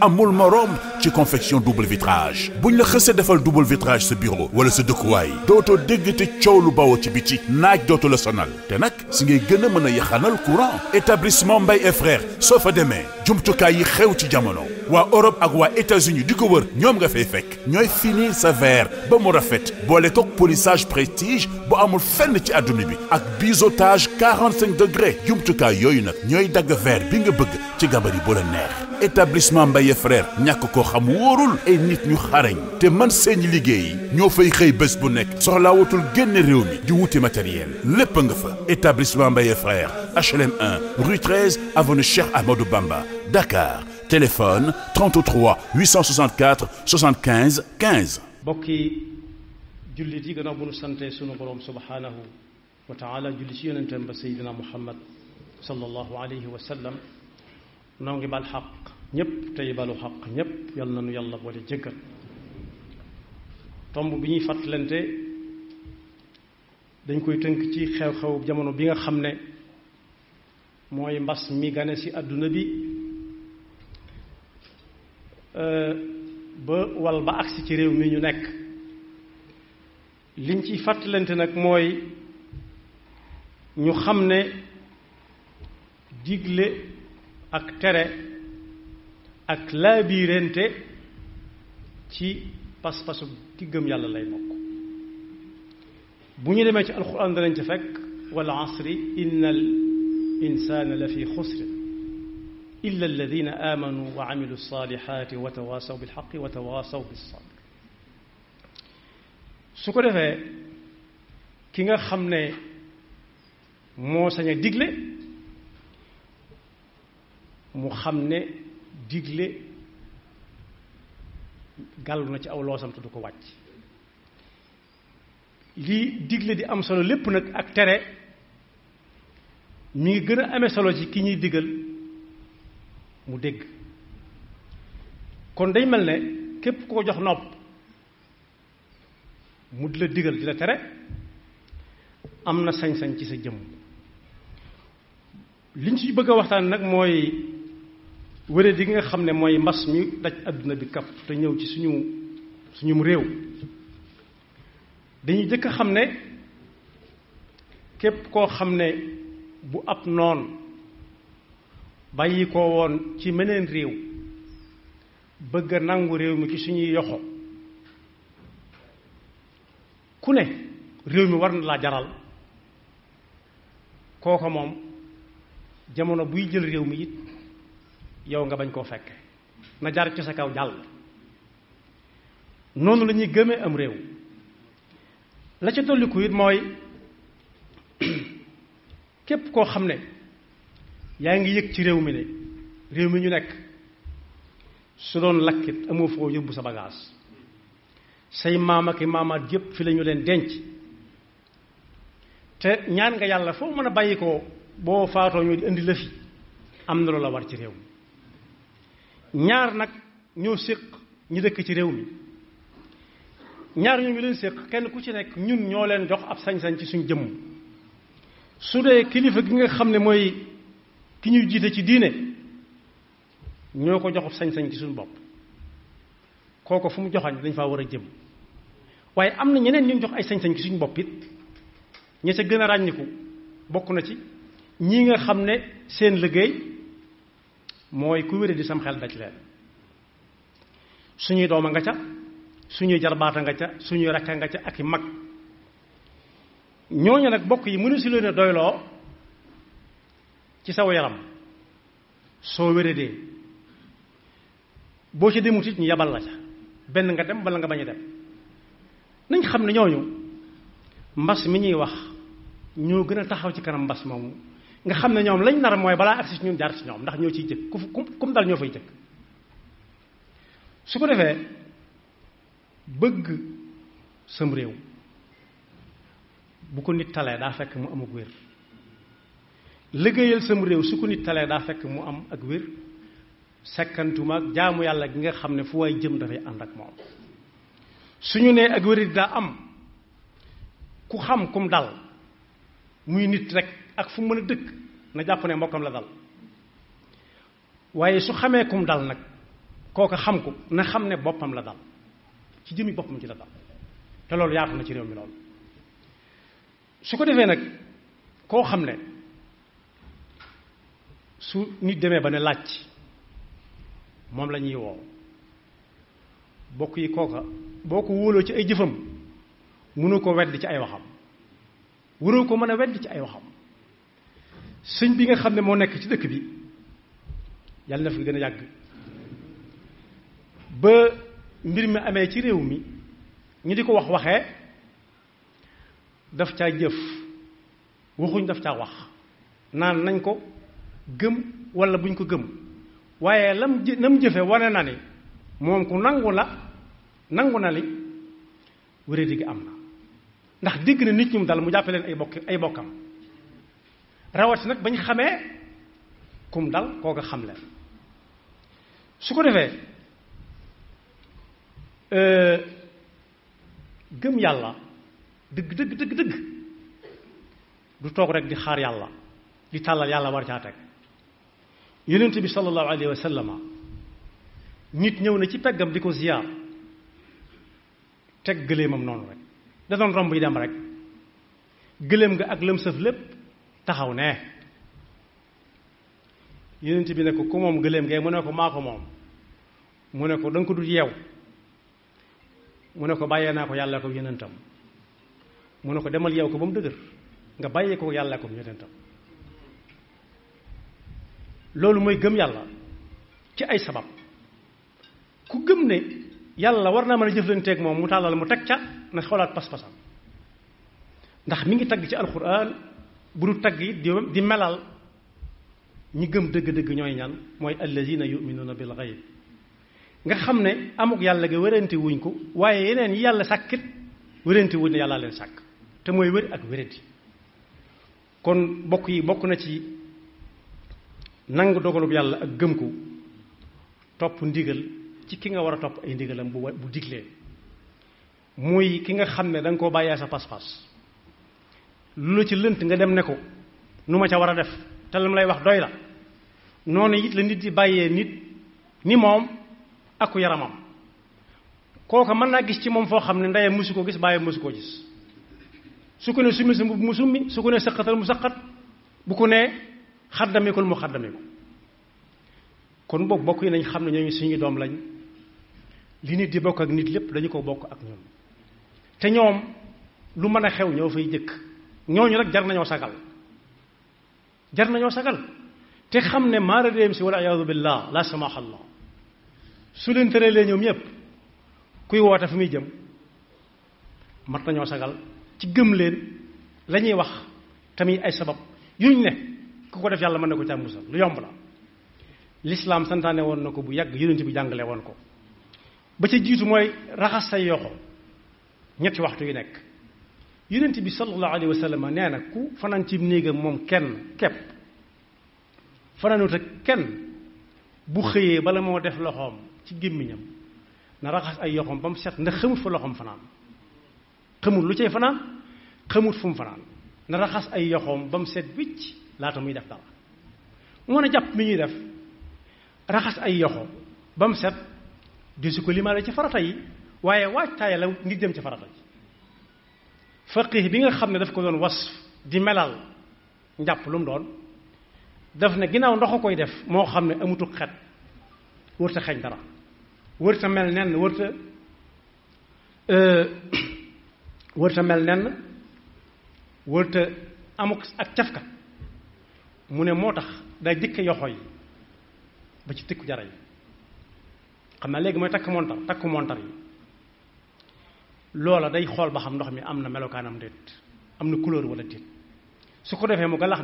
amul morom ci confection double vitrage buñ la xësee defal double vitrage sa bureau wala sa dëkkuwaay dootoo dégg te coow lu bawoo ci ci naaj dootu la sonal te nag si ngay gën a mën a yaxanal courant établissement Mbaye et frères soo fa demee jumtukaay yi xew ci jamono waa Europe ak waa États-Unis di ko wër ñoom nga fay fekk ñooy finir sa verre ba mu rafet boole kook polissage prestige bu amul fenn ci àdduna bi ak biseautage 45 degrés jumtukaay yooyu nag ñooy dagg verre bi nga bëgg ci gabari bu la neex établissement Mbaye frère ñàkk koo xam woorul ay nit ñu xarañ te man seeni liggéey ñoo fay xëy bés bu nekk soxlaa wutul génne réew mi di wuti matériel lépp nga fa établissement Mbaye frère HLM 1 rue 13 avenue Cheikh Amadou Bamba Dakar téléphone 33 864 75 15. mbokki jullit yi gannaaw bu nu sante sunu borom subhaanahu wa taala julli ci yonentam ba Seydina Muhammad sallallahu alayhi wa sallam. noo ngi bal xaq ñépp tey balu xaq ñépp yal na nu yàlla boole jëggal tomb bi ñuy fàttalante dañ koy tënk ci xew-xew jamono bi nga xam ne mooy mbas mi gane ci àdduna bi ba wal ba agsi ci réew mi ñu nekk liñ ciy fàttalante nag mooy ñu xam ne digle ak tere ak laabirente ci pas-pasu ki gëm yàlla lay bokk bu ñu demee ci alxuraan danañ ci fekk wal asri inna al insaana la fi xusrin illa alladina amanu wa amilu salihati wa tawaasaw bilxaqi wa tawaasaw bilsabr su ko defee ki nga xam ne moo sañ digle mu xam ne digle gàllu na ci aw loosam te du ko wàcc lii digle di am solo lépp nag ak tere mu ngi gën a amee solo ci ki ñuy digal mu dégg kon day mel ne képp koo jox nopp mu di la digal di la tere am na sañ-sañ ci sa jëmm liñ ci bëgg a waxtaan nag mooy wëree yi nga xam ne mooy mbas mi daj àdduna bi kap te ñëw ci suñu suñum réew dañuy jëkk xam ne képp koo xam ne bu ab noon bàyyi woon ci meneen réew bëgg a nangu réew mi ci suñuy yoxo ku ne réew mi war na laa jaral kooko moom jamono buy jël réew mi it yow nga bañ koo fekk na jaar ci sa kaw jàll noonu la ñuy gëmee am réew la ca tolliku it mooy képp koo xam ne yaa ngi yëg ci réew mi ne réew mi ñu nekk su doon lakkit amoo foo yóbbu sa bagage say maam ak i maamaat yépp fi lañu leen denc te ñaan nga yàlla foo mën a bàyyi ko boo faatoo ñu indi la fi am na lu la war ci réew mi ñaar nag ñoo séq ñi dëkk ci réew mi ñaar ñu ñu leen séq kenn ku ci nekk ñun ñoo leen jox ab sañ-sañ ci suñ jëmm su dee kilifa gi nga xam ne mooy ki ñuy jiite ci diine ñoo ko jox ab sañ ci suñ bopp kooko fu mu joxañ dañ faa war a jëm waaye am na ñeneen ñu jox ay sañ-sañ ci suñ bopp it ña ca gën a ràññiku bokk na ci ñi nga xam ne seen liggéey mooy ku wéré di sam xel daj leen suñuy a nga ca suñuy a nga ca rakk a nga ca ak i mag ñooñu nag bokk yi mënu si leen a doyloo ci saw yaram soo wéradee boo ci demut it ñu yabal la ca benn nga dem wala nga bañ a dem nañ xam ne ñooñu mbas mi ñuy wax ñoo gën a taxaw ci kanam mbas moomu nga xam ne ñoom lañ nar mooy balaa agsi si ñun jaar si ñoom ndax ñoo ciy jëkk ku kum dal ñoo fay jëkk su ko defee bëgg sëm réew bu ko nit talee daa fekk mu am ak wér liggéeyal sam réew su ko daa fekk mu am ak wér sekkantumaak jaamu yàlla gi nga xam ne fu waay jëm dafay ànd ak moom su ñu nee ak wér daa am ku xam kum dal muy nit rek ak fu mën a dëkk na jàpp ne mbokkam la dal waaye su xamee kum dal nag kooka xam ko na xam ne boppam la dal ci jëmi boppam ci la dal te loolu yaatu na ci réew mi loolu su ko defee nag koo xam ne su nit demee ba ne laaj moom la ñuy woo bokk yi kooka boo ko wóoloo ci ay jëfam mënu ko wedd ci ay waxam wëroo ko mën a wedd ci ay waxam sëñ bi nga xam ne moo nekk ci dëkk bi yàlla na fi gën a yàgg ba mbir mi amee ci réew mi ñu di ko wax waxee daf caa jëf waxuñ daf caa wax naan nañ ko gëm wala buñ ko gëm waaye lam nam jëfe wane na ni moom ku nangu la nangu na li wéré digg am na ndax dégg na nit mu dal mu jàppe leen ay bokk ay bokkam rawati nag bañ xamee kum dal kooka xam leen su ko defee euh, gëm yàlla dëgg dëgg dëgg du toog rek di xaar yàlla di tàllal yàlla war caa teg yonent bi sallallahu alayhi nit ñëw na ci peggam di ko ziyaar teg gëléemam noonu rek da doon romb yi dem rek gëléem nga ak lëm sëf lépp taxaw ne yonent bi ne ko ku moom gëléem gay mu ne ko maa ko moom mu ne ko danga ko dut yeew mu ne ko bàyyee naa ko yàlla ko yonentam mu ne ko demal yeew ko ba mu dëgër nga bàyyee ko yàlla ko yonentam loolu mooy gëm yàlla ci ay sabab ku gëm ne yàlla war naa mën a jëflanteeg moom mu tàllal mu teg ca na xoolaat pas-pasam ndax mi ngi tagg ci alxuraan bu du tagg it di melal ñi gëm dëgg-dëgg ñooy ñan mooy allazina yuminuuna bil xayb nga xam ne amuk yàlla nga wérante ko waaye yeneen yi yàlla sàkkit wérante wuñ ne yàllaa leen sàkk te mooy wér ak wérati kon bokk yi bokk na ci nangu dogalub yàlla ak gëm ko topp ndigal ci ki nga war a topp ay ndigalam bu bu diglee mooy ki nga xam ne da nga koo bàyyee sa pas-pas lu la ci lënt nga dem ne ko nu ma ca war a def te lu mu lay wax doy la noonu it la nit di bàyyee nit ni moom ak ku yaramam kooka mën naa gis ci moom foo xam ne ndeyam musu koo gis bàyyam musu koo gis su ko ne summi sa mbubb mu summi su ko ne sëqatal mu sëqat bu ko nee xaddamikul mu xaddamiku kon boog bokk yi nañ xam ne ñooñu suñuy doom lañ li nit di bokk ak nit lépp dañu ko bokk ak ñoom te ñoom lu mën a xew ñoo fay jëkk ñooñu nag jar nañoo sagal jar nañoo sagal te xam ne maara dem si wala ayaadu billah la samahallah su leen tëralee ñoom ñëpp kuy woote fu muy jëm mat nañoo sagal ci gëm leen la ñuy wax tamit ay sabab yuñ ne ku ko def yàlla mën na ko ca musal lu yomb la lislaam santaane woon na ko bu yàgg yonent bi jàngale woon ko ba ca jiitu mooy raxas say yoxo ñetti waxtu yu nekk yonent bi sallallahu alayhi wa sallam nee nag ku fanaan ci néegam moom kenn kepp fanaanut ak kenn bu xëyee bala moo def loxoom ci gémmiñam na raxas ay yoxoom ba mu set ndax xamut fa loxoom fanaan xamut lu cay fanaan xamut fu mu fanaan na raxas ay yoxoom ba mu set wicc laata muy def dara moo ne jàpp mi ñuy def raxas ay yoxoom ba mu set desu ko limaale ci farata yi waaye waajtaay la ngir jëm ci farata yi faqih bi nga xam ne daf ko doon was di melal njàpp lu mu doon daf ne ginnaaw ndox koy def moo xam ne amutu xet wërta xeeñ dara wërta mel nenn wërta euh, wërta mel nenn wërta amuk ak cafka mu ne moo tax day jëkk yoxo yi ba ci tikku jara yi xam naa léegi mooy takk montar takku montar yi loola day xool ba xam ndox mi am na melokaanam déet am na couleur wala déet su ko defee mu galax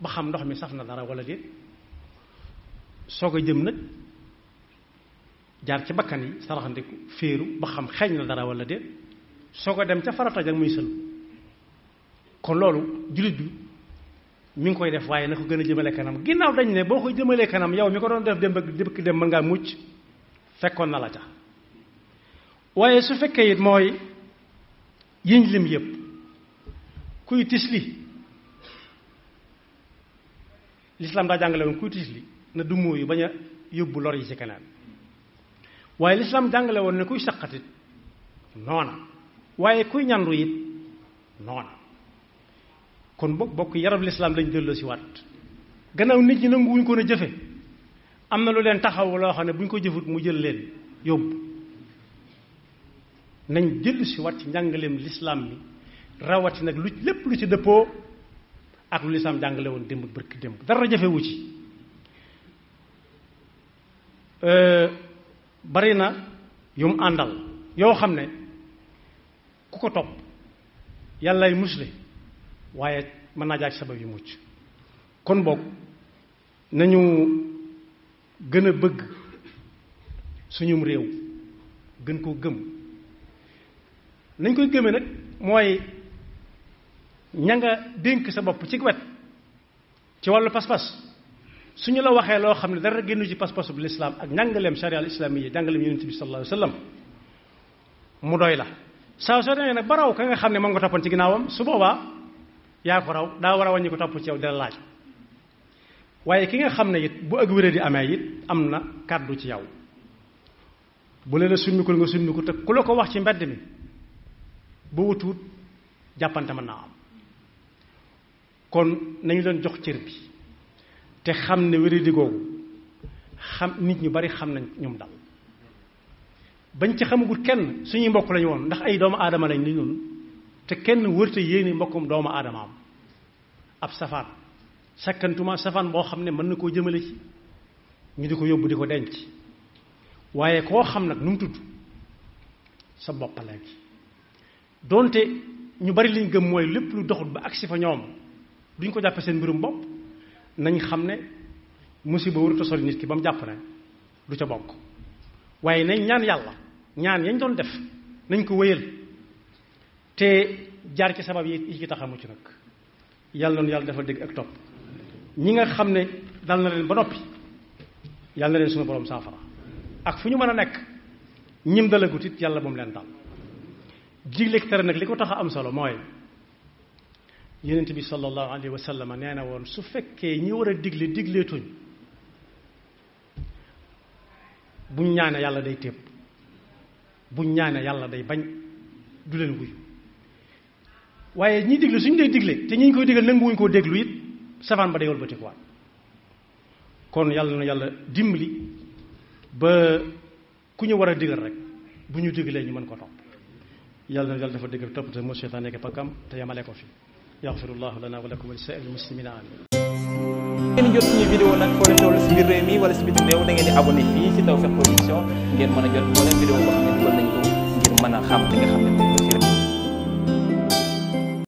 ba xam ndox mi saf na dara wala déet soo ko jëm nag jaar ci bakkan yi saraxandiku féeru xam xeeñ na dara wala déet soo ko dem ca farata ak muy sël kon loolu jullit bi mi ngi koy def waaye na ko gën a jëmale kanam ginnaaw dañ ne boo koy jëmalee kanam yow mi ko doon def dem ak dem mën ngaa mucc fekkoon na la ca waaye su fekkee it mooy yiñ lim yépp kuy tisli lislaam daa jàngale woon kuy tisli na du mooyu bañ a yóbbu lor yi ci kanam waaye lislaam jàngale woon ne kuy saqatit noona waaye kuy ñandu it noona kon bokk bokk yarab lislaam lañ delloo si waat gannaaw nit ñi nanguwuñ ko na jëfe am na lu leen taxaw loo xam ne bu ñu ko jëfut mu jël leen yóbbu nañ dellu si wat ci njàngaleem lislaam mi rawati nag lu lépp lu ci dëppoo ak lu lislaam jàngale woon démb bërki démb dara jafewu ci euh, bari na yu àndal yoo xam ne ku ko topp yàllaay musle waaye mën naa jaag sabab yu mucc kon boog nañu gën a bëgg suñum réew gën koo gëm nañ koy gëmee nag mooy ña nga dénk sa bopp ci wet ci wàllu pas-pas suñu la waxee loo xam ne dara génnu ci pas-pasu bu lislaam ak njàngaleem sharia al islamiyya njàngaleem yonent bi sallallahu sa wa sallam mu doy la saa soo demee nag ba raw ka nga xam ne moom nga toppoon ci ginnaawam su boobaa yaa ko raw daa war a wàññi ko topp ci yow dina laaj waaye ki nga xam ne it bu ak wéré di amee it am na kàddu ci yow bu leen a summikul nga summikul te ku la ko wax ci mbedd mi ba watuut jàppante mën naa am kon nañu leen jox cër bi te xam ne wéradi googu xam nit ñu bari xam nañ ñoom dal bañ ci xamagul kenn suñuy mbokk lañu woon ndax ay doomu aadama lañ li ñun te kenn wërte yéene mbokkum doomu aadamaam ab safaan sakkantuma safaan boo xam ne mën na koo jëmale ci ñu di ko yóbbu di ko denc waaye koo xam nag nu mu tudd sa bopp léegi donte ñu bari liñ gëm mooy lépp lu doxul ba agsi fa ñoom duñ ko jàppe seen mbirum bopp nañ xam ne musiba warut a nit ki ba mu jàpp ne du ca bokk waaye nañ ñaan yàlla ñaan yañ doon def nañ ko wéyal te jaar ci sabab yi yi ci tax mucc nag yàlla noonu yàlla dafa dégg ak topp ñi nga xam ne dal na leen ba noppi yàlla na leen suñu borom saafara ak fu ñu mën a nekk ñim dalagut it yàlla moom leen dal digleek tere nag li ko tax a am solo mooy yonent bi sallallahu alayhi wa sallam nee na woon su fekkee ñi war a digle digleetuñ buñ ñaane yàlla day tépp buñ ñaane yàlla day bañ du leen wuyu waaye ñi digle suñ dee digle te ñi ñu koy digal nanguwuñ koo déglu it safaan ba day walbatikuwaat kon yàlla na yàlla dimbali ba ku ñu war a digal rek bu ñu diglee ñu mën ko topp yàlla na yàlla dafa dëggal topp te mu seytaan nekk pakam te yamale ko fi yaxfirullahu lana wa lakum wa li saa'iril muslimina amin ngeen jot suñu vidéo nag foo leen toll si biir réew mi wala si biti réew da ngeen di abonné fii si Tawfekh Production ngeen mën a jot moo leen vidéo boo xam ne dugal a xam li nga xam ne